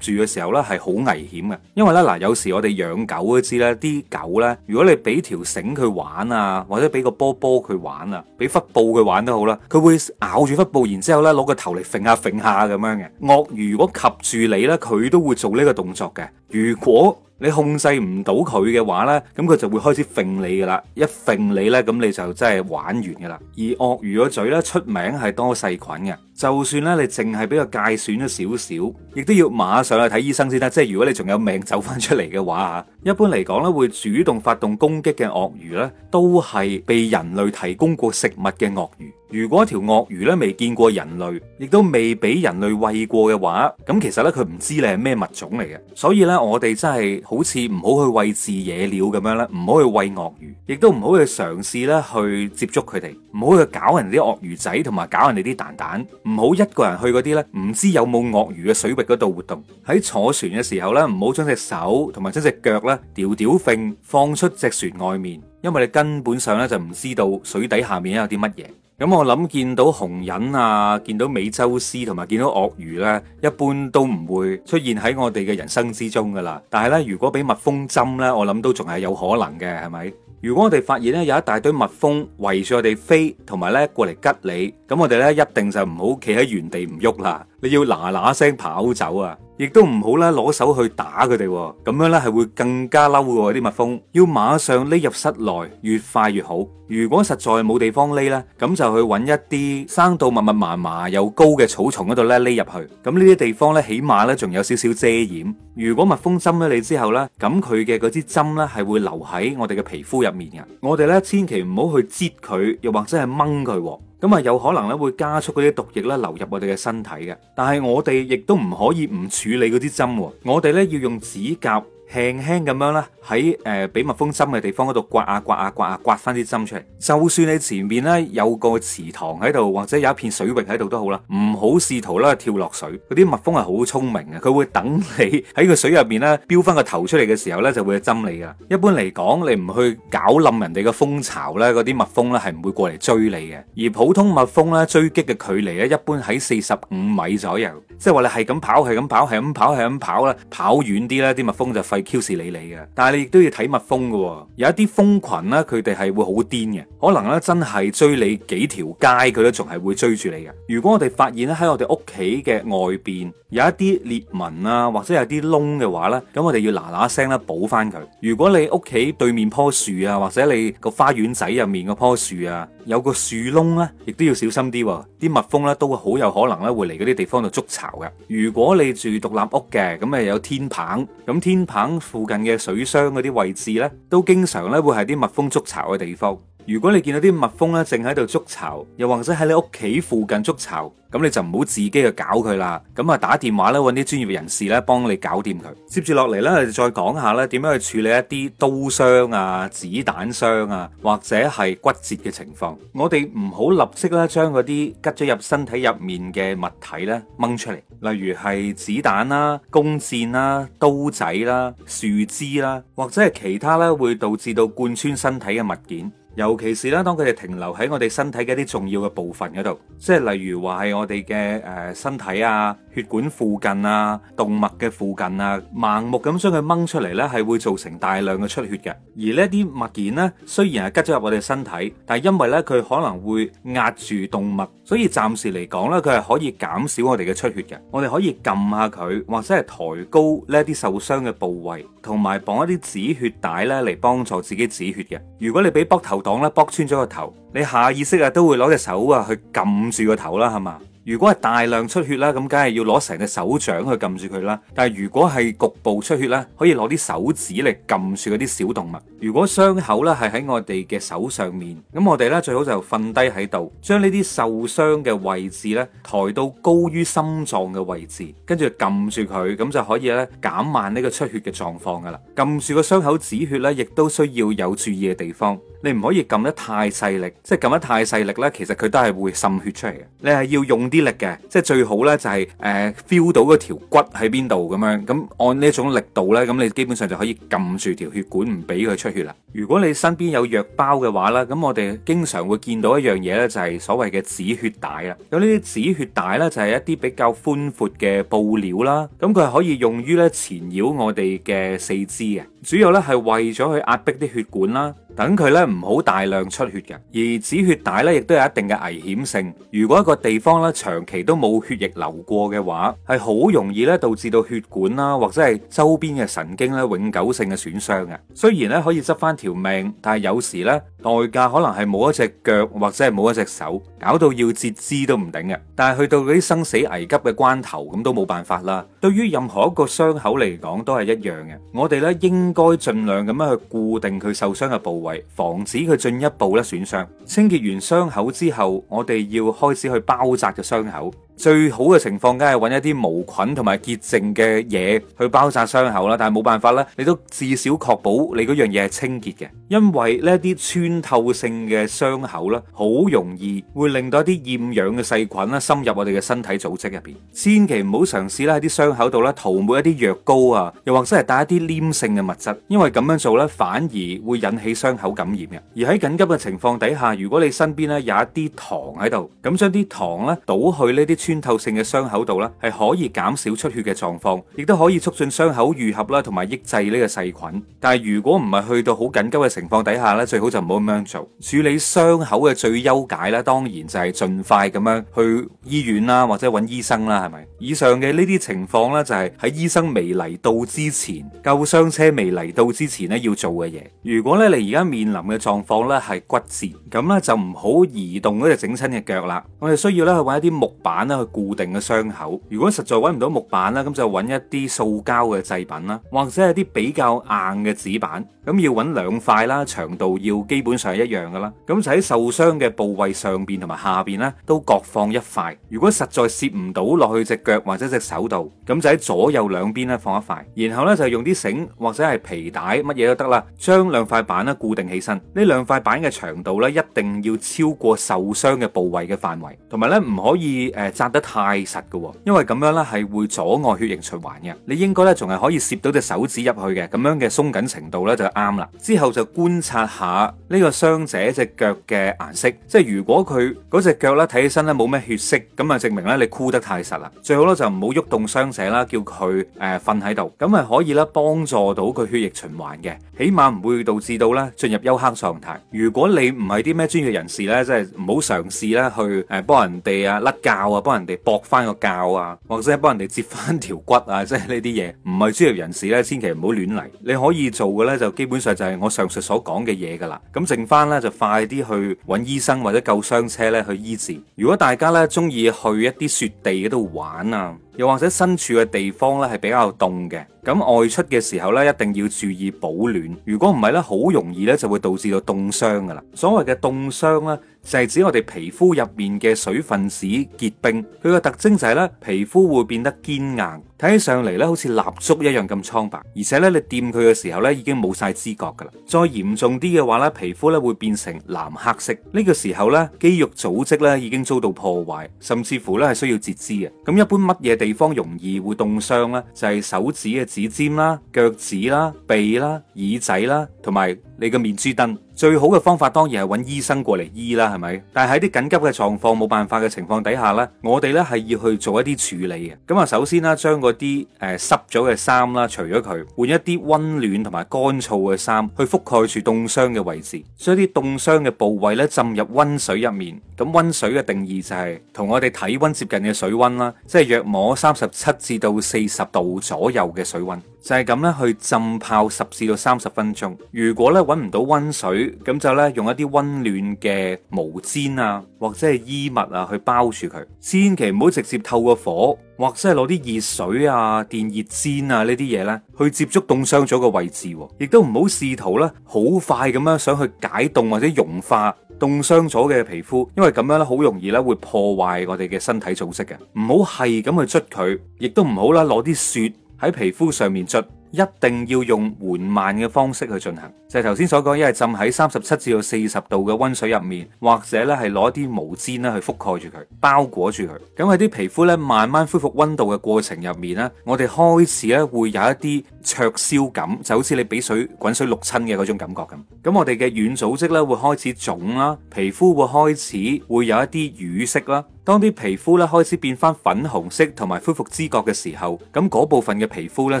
[SPEAKER 1] 及住嘅時候呢，係好危險嘅，因為呢，嗱，有時我哋養狗都知咧啲。狗咧，如果你俾條繩佢玩啊，或者俾個波波佢玩啊，俾忽布佢玩都好啦，啊，佢會咬住忽布，然之後咧攞個頭嚟，揈下揈下咁樣嘅。鱷魚如果及住你咧，佢都會做呢個動作嘅。如果你控制唔到佢嘅話呢，咁佢就會開始揈你噶啦，一揈你呢，咁你就真係玩完噶啦。而鱷魚個嘴呢，出名係多細菌嘅，就算呢，你淨係俾佢介損咗少少，亦都要馬上去睇醫生先得。即係如果你仲有命走翻出嚟嘅話，一般嚟講呢，會主動發動攻擊嘅鱷魚呢，都係被人類提供過食物嘅鱷魚。如果條鱷魚咧未見過人類，亦都未俾人類餵過嘅話，咁其實咧佢唔知你係咩物種嚟嘅。所以咧，我哋真係好似唔好去餵飼野鳥咁樣咧，唔好去餵鱷魚，亦都唔好去嘗試咧去接觸佢哋，唔好去搞人哋啲鱷魚仔，同埋搞人哋啲蛋蛋。唔好一個人去嗰啲咧，唔知有冇鱷魚嘅水域嗰度活動。喺坐船嘅時候咧，唔好將隻手同埋將隻腳咧，吊吊揈放出隻船外面，因為你根本上咧就唔知道水底下面有啲乜嘢。咁我諗見到紅人啊，見到美洲獅同埋見到鱷魚呢，一般都唔會出現喺我哋嘅人生之中噶啦。但係呢，如果俾蜜蜂針呢，我諗都仲係有可能嘅，係咪？如果我哋發現呢，有一大堆蜜蜂圍住我哋飛，同埋呢過嚟吉你，咁我哋呢一定就唔好企喺原地唔喐啦，你要嗱嗱聲跑走啊！亦都唔好咧，攞手去打佢哋，咁樣呢係會更加嬲嘅啲蜜蜂，要馬上匿入室內，越快越好。如果實在冇地方匿呢，咁就去揾一啲生到密密麻麻又高嘅草叢嗰度咧匿入去。咁呢啲地方呢，起碼呢仲有少少遮掩。如果蜜蜂針咗你之後呢，咁佢嘅嗰支針呢係會留喺我哋嘅皮膚入面嘅。我哋呢千祈唔好去擠佢，又或者係掹佢。咁啊，有可能咧會加速嗰啲毒液咧流入我哋嘅身體嘅，但係我哋亦都唔可以唔處理嗰啲針，我哋咧要用指甲。輕輕咁樣啦，喺誒俾蜜蜂針嘅地方嗰度刮啊刮啊刮啊刮翻啲針出嚟。就算你前面呢有個池塘喺度，或者有一片水域喺度都好啦，唔好試圖咧跳落水。嗰啲蜜蜂係好聰明嘅，佢會等你喺個水入邊咧飆翻個頭出嚟嘅時候呢就會針你噶。一般嚟講，你唔去搞冧人哋嘅蜂巢呢，嗰啲蜜蜂呢係唔會過嚟追你嘅。而普通蜜蜂呢追擊嘅距離呢，一般喺四十五米左右。即係話你係咁跑，係咁跑，係咁跑，係咁跑啦，跑遠啲呢啲蜜蜂就費。Q 你你嘅，但係你亦都要睇蜜蜂嘅。有一啲蜂群咧，佢哋係會好癲嘅，可能咧真係追你幾條街，佢都仲係會追住你嘅。如果我哋發現咧喺我哋屋企嘅外邊有一啲裂紋啊，或者有啲窿嘅話咧，咁我哋要嗱嗱聲咧補翻佢。如果你屋企對面棵樹啊，或者你個花園仔入面個棵樹啊。有個樹窿呢，亦都要小心啲，啲蜜蜂呢，都會好有可能呢會嚟嗰啲地方度築巢嘅。如果你住獨立屋嘅，咁係有天棚，咁天棚附近嘅水箱嗰啲位置呢，都經常呢會係啲蜜蜂築巢嘅地方。如果你見到啲蜜蜂咧，正喺度築巢，又或者喺你屋企附近築巢，咁你就唔好自己去搞佢啦。咁啊，打電話咧，揾啲專業人士咧，幫你搞掂佢。接住落嚟咧，我哋再講下咧點樣去處理一啲刀傷啊、子彈傷啊，或者係骨折嘅情況。我哋唔好立即咧將嗰啲刉咗入身體入面嘅物體咧掹出嚟，例如係子彈啦、啊、弓箭啦、啊、刀仔啦、啊、樹枝啦，或者係其他咧會導致到貫穿身體嘅物件。尤其是咧，當佢哋停留喺我哋身體嘅一啲重要嘅部分嗰度，即係例如話係我哋嘅誒身體啊、血管附近啊、動脈嘅附近啊，盲目咁將佢掹出嚟呢，係會造成大量嘅出血嘅。而呢啲物件呢，雖然係拮咗入我哋身體，但係因為呢，佢可能會壓住動脈，所以暫時嚟講呢，佢係可以減少我哋嘅出血嘅。我哋可以撳下佢，或者係抬高呢啲受傷嘅部位，同埋綁一啲止血帶呢嚟幫助自己止血嘅。如果你俾膊頭，.擋咧，剝穿咗個頭，你下意識啊都會攞隻手啊去撳住個頭啦，係嘛？如果係大量出血啦，咁梗係要攞成隻手掌去撳住佢啦。但係如果係局部出血咧，可以攞啲手指嚟撳住嗰啲小動脈。如果傷口咧係喺我哋嘅手上面，咁我哋咧最好就瞓低喺度，將呢啲受傷嘅位置咧抬到高於心臟嘅位置，跟住撳住佢，咁就可以咧減慢呢個出血嘅狀況噶啦。撳住個傷口止血咧，亦都需要有注意嘅地方。你唔可以撳得太細力，即係撳得太細力呢，其實佢都係會滲血出嚟嘅。你係要用啲力嘅，即係最好呢、就是，就係誒 feel 到嗰條骨喺邊度咁樣，咁按呢種力度呢，咁你基本上就可以撳住條血管唔俾佢出血啦。如果你身邊有藥包嘅話呢，咁我哋經常會見到一樣嘢呢，就係、是、所謂嘅止血帶啦。有呢啲止血帶呢，就係一啲比較寬闊嘅布料啦，咁佢係可以用於呢，纏繞我哋嘅四肢嘅。主要咧係為咗去壓迫啲血管啦，等佢咧唔好大量出血嘅。而止血帶咧亦都有一定嘅危險性。如果一個地方咧長期都冇血液流過嘅話，係好容易咧導致到血管啦，或者係周邊嘅神經咧永久性嘅損傷嘅。雖然咧可以執翻條命，但係有時咧，代價可能係冇一隻腳，或者係冇一隻手。搞到要截肢都唔頂嘅，但係去到嗰啲生死危急嘅關頭，咁都冇辦法啦。對於任何一個傷口嚟講，都係一樣嘅。我哋咧應該盡量咁樣去固定佢受傷嘅部位，防止佢進一步咧損傷。清潔完傷口之後，我哋要開始去包紮個傷口。最好嘅情況，梗係揾一啲無菌同埋潔淨嘅嘢去包紮傷口啦。但係冇辦法啦，你都至少確保你嗰樣嘢係清潔嘅，因為呢一啲穿透性嘅傷口咧，好容易會令到一啲厭氧嘅細菌啦深入我哋嘅身體組織入邊。千祈唔好嘗試啦，喺啲傷口度咧塗抹一啲藥膏啊，又或者係帶一啲黏性嘅物質，因為咁樣做咧反而會引起傷口感染嘅。而喺緊急嘅情況底下，如果你身邊咧有一啲糖喺度，咁將啲糖咧倒去呢啲穿透性嘅傷口度咧，係可以減少出血嘅狀況，亦都可以促進傷口癒合啦，同埋抑制呢個細菌。但係如果唔係去到好緊急嘅情況底下咧，最好就唔好咁樣做。處理傷口嘅最優解咧，當然就係盡快咁樣去醫院啦，或者揾醫生啦，係咪？以上嘅呢啲情況咧，就係，就係喺醫生未嚟到之前，救傷車未嚟到之前咧，要做嘅嘢。如果咧你而家面臨嘅狀況咧係骨折，咁咧就唔好移動嗰隻整親嘅腳啦。我哋需要咧去揾一啲木板。去固定嘅傷口。如果實在揾唔到木板啦，咁就揾一啲塑膠嘅製品啦，或者係啲比較硬嘅紙板。咁要揾兩塊啦，長度要基本上一樣噶啦。咁就喺受傷嘅部位上邊同埋下邊呢，都各放一塊。如果實在攝唔到落去隻腳或者隻手度，咁就喺左右兩邊呢放一塊。然後呢，就用啲繩或者係皮帶乜嘢都得啦，將兩塊板呢固定起身。呢兩塊板嘅長度呢，一定要超過受傷嘅部位嘅範圍，同埋呢，唔可以誒。呃紮得太實嘅，因為咁樣咧係會阻礙血液循環嘅。你應該咧仲係可以攝到隻手指入去嘅，咁樣嘅鬆緊程度咧就啱啦。之後就觀察下呢個傷者隻腳嘅顏色，即係如果佢嗰隻腳咧睇起身咧冇咩血色，咁啊證明咧你箍得太實啦。最好咧就唔好喐動傷者啦，叫佢誒，瞓喺度，咁、呃、啊可以咧幫助到佢血液循環嘅，起碼唔會導致到咧進入休克狀態。如果你唔係啲咩專業人士咧，即係唔好嘗試咧去誒幫人哋啊甩膠啊幫人哋駁翻個臼啊，或者幫人哋接翻條骨啊，即係呢啲嘢，唔係專業人士咧，千祈唔好亂嚟。你可以做嘅咧，就基本上就係我上述所講嘅嘢噶啦。咁剩翻咧，就快啲去揾醫生或者救傷車咧去醫治。如果大家咧中意去一啲雪地嗰度玩啊。又或者身處嘅地方咧係比較凍嘅，咁外出嘅時候咧，一定要注意保暖。如果唔係咧，好容易咧就會導致到凍傷㗎喇。所謂嘅凍傷咧，就係指我哋皮膚入面嘅水分子結冰，佢嘅特徵就係咧，皮膚會變得堅硬。睇起上嚟咧，好似蠟燭一樣咁蒼白，而且咧你掂佢嘅時候咧，已經冇晒知覺噶啦。再嚴重啲嘅話咧，皮膚咧會變成藍黑色，呢個時候咧肌肉組織咧已經遭到破壞，甚至乎咧係需要截肢啊。咁一般乜嘢地方容易會凍傷咧？就係手指嘅指尖啦、腳趾啦、鼻啦、耳仔啦，同埋你嘅面珠墩。最好嘅方法當然係揾醫生過嚟醫啦，係咪？但係喺啲緊急嘅狀況冇辦法嘅情況底下呢，我哋呢係要去做一啲處理嘅。咁啊，首先啦，將嗰啲誒濕咗嘅衫啦，除咗佢，換一啲溫暖同埋乾燥嘅衫去覆蓋住凍傷嘅位置，將啲凍傷嘅部位呢浸入溫水入面。咁溫水嘅定義就係同我哋體溫接近嘅水溫啦，即係約摸三十七至到四十度左右嘅水溫。就係咁咧，去浸泡十四到三十分鐘。如果咧揾唔到温水，咁就咧用一啲温暖嘅毛毯啊，或者係衣物啊，去包住佢。千祈唔好直接透過火，或者係攞啲熱水啊、電熱氈啊呢啲嘢咧，去接觸凍傷咗嘅位置。亦都唔好試圖咧，好快咁樣想去解凍或者融化凍傷咗嘅皮膚，因為咁樣咧好容易咧會破壞我哋嘅身體組織嘅。唔好係咁去捽佢，亦都唔好啦，攞啲雪。喺皮膚上面捽，一定要用緩慢嘅方式去進行。就係頭先所講，一係浸喺三十七至到四十度嘅溫水入面，或者咧係攞啲毛巾咧去覆蓋住佢，包裹住佢。咁喺啲皮膚咧慢慢恢復溫度嘅過程入面咧，我哋開始咧會有一啲灼燒感，就好似你俾水滾水淥親嘅嗰種感覺咁。咁我哋嘅軟組織咧會開始腫啦，皮膚會開始會有一啲瘀色啦。當啲皮膚咧開始變返粉紅色同埋恢復知覺嘅時候，咁嗰部分嘅皮膚咧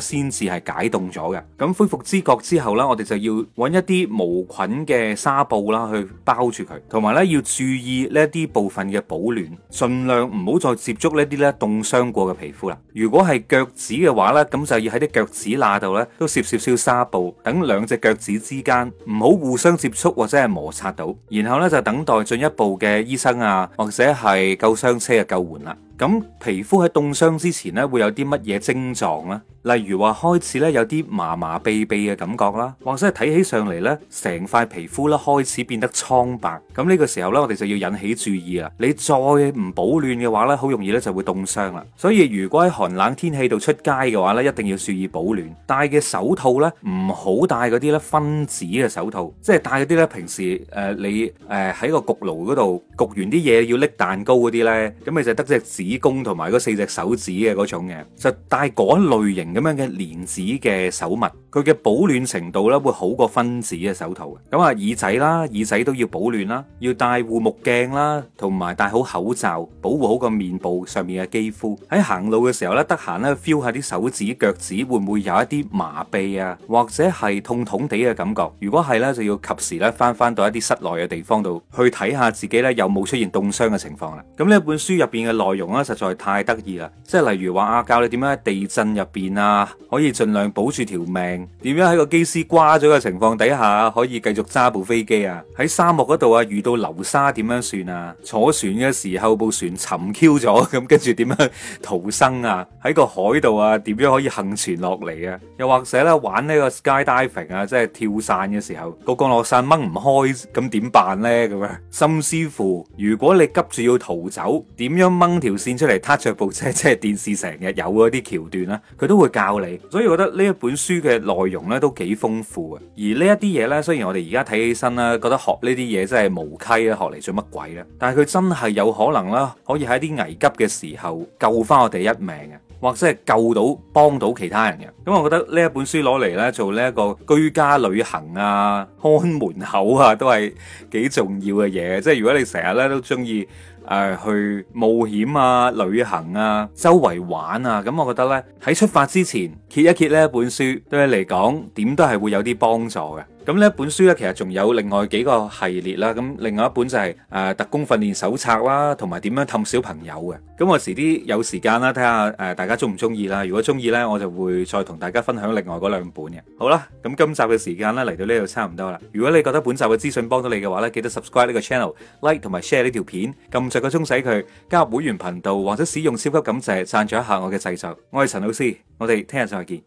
[SPEAKER 1] 先至係解凍咗嘅。咁恢復知覺之後咧，我哋就要揾一啲無菌嘅紗布啦，去包住佢，同埋咧要注意呢一啲部分嘅保暖，儘量唔好再接觸呢啲咧凍傷過嘅皮膚啦。如果係腳趾嘅話咧，咁就要喺啲腳趾罅度咧都攝攝少少紗布，等兩隻腳趾之間唔好互相接觸或者係摩擦到。然後咧就等待進一步嘅醫生啊，或者係雙車嘅救援啦。咁皮膚喺凍傷之前咧，會有啲乜嘢症狀呢？例如話開始咧有啲麻麻痹痹嘅感覺啦，或者係睇起上嚟咧，成塊皮膚咧開始變得蒼白。咁呢個時候咧，我哋就要引起注意啦！你再唔保暖嘅話咧，好容易咧就會凍傷啦。所以如果喺寒冷天氣度出街嘅話咧，一定要注意保暖。戴嘅手套咧，唔好戴嗰啲咧分子嘅手套，即係戴嗰啲咧平時誒、呃、你誒喺、呃、個焗爐嗰度焗完啲嘢要拎蛋糕嗰啲咧，咁你就得只指公同埋嗰四隻手指嘅嗰種嘅，就戴嗰一類型咁樣嘅連指嘅手襪，佢嘅保暖程度咧會好過分指嘅手套。咁啊耳仔啦，耳仔都要保暖啦，要戴護目鏡啦，同埋戴好口罩，保護好個面部上面嘅肌膚。喺行路嘅時候咧，得閒咧 feel 下啲手指腳趾會唔會有一啲麻痹啊，或者係痛痛地嘅感覺？如果係咧，就要及時咧翻翻到一啲室內嘅地方度去睇下自己咧有冇出現凍傷嘅情況啦。咁呢一本書入邊嘅內容。實在太得意啦！即係例如話啊，教你點樣喺地震入邊啊，可以盡量保住條命；點樣喺個機師瓜咗嘅情況底下，可以繼續揸部飛機啊？喺沙漠嗰度啊，遇到流沙點樣算啊？坐船嘅時候，部船沉 Q 咗，咁跟住點樣逃生啊？喺個海度啊，點樣可以幸存落嚟啊？又或者咧玩呢個 skydiving 啊，即係跳傘嘅時候，個降落傘掹唔開，咁點辦呢？咁樣，甚至乎，如果你急住要逃走，點樣掹條？線出嚟，撻著部車，即係電視成日有嗰啲橋段啦，佢都會教你，所以我覺得呢一本書嘅內容咧都幾豐富嘅。而呢一啲嘢呢，雖然我哋而家睇起身咧，覺得學呢啲嘢真係無稽啦，學嚟做乜鬼咧？但係佢真係有可能啦，可以喺啲危急嘅時候救翻我哋一命嘅，或者係救到幫到其他人嘅。咁我覺得呢一本書攞嚟咧做呢一個居家旅行啊，看門口啊，都係幾重要嘅嘢。即係如果你成日呢都中意。誒、呃，去冒險啊、旅行啊、周圍玩啊，咁、嗯、我覺得呢，喺出發之前，揭一揭呢本書，對你嚟講，點都係會有啲幫助嘅。咁呢本書呢，其實仲有另外幾個系列啦。咁另外一本就係誒特工訓練手冊啦，同埋點樣氹小朋友嘅。咁我遲啲有時間啦，睇下誒大家中唔中意啦。如果中意呢，我就會再同大家分享另外嗰兩本嘅。好啦，咁今集嘅時間呢，嚟到呢度差唔多啦。如果你覺得本集嘅資訊幫到你嘅話呢，記得 subscribe 呢個 channel，like 同埋 share 呢條片，撳着個鐘使佢加入會員頻道，或者使用超級感謝贊助一下我嘅製作。我係陳老 C，我哋聽日再見。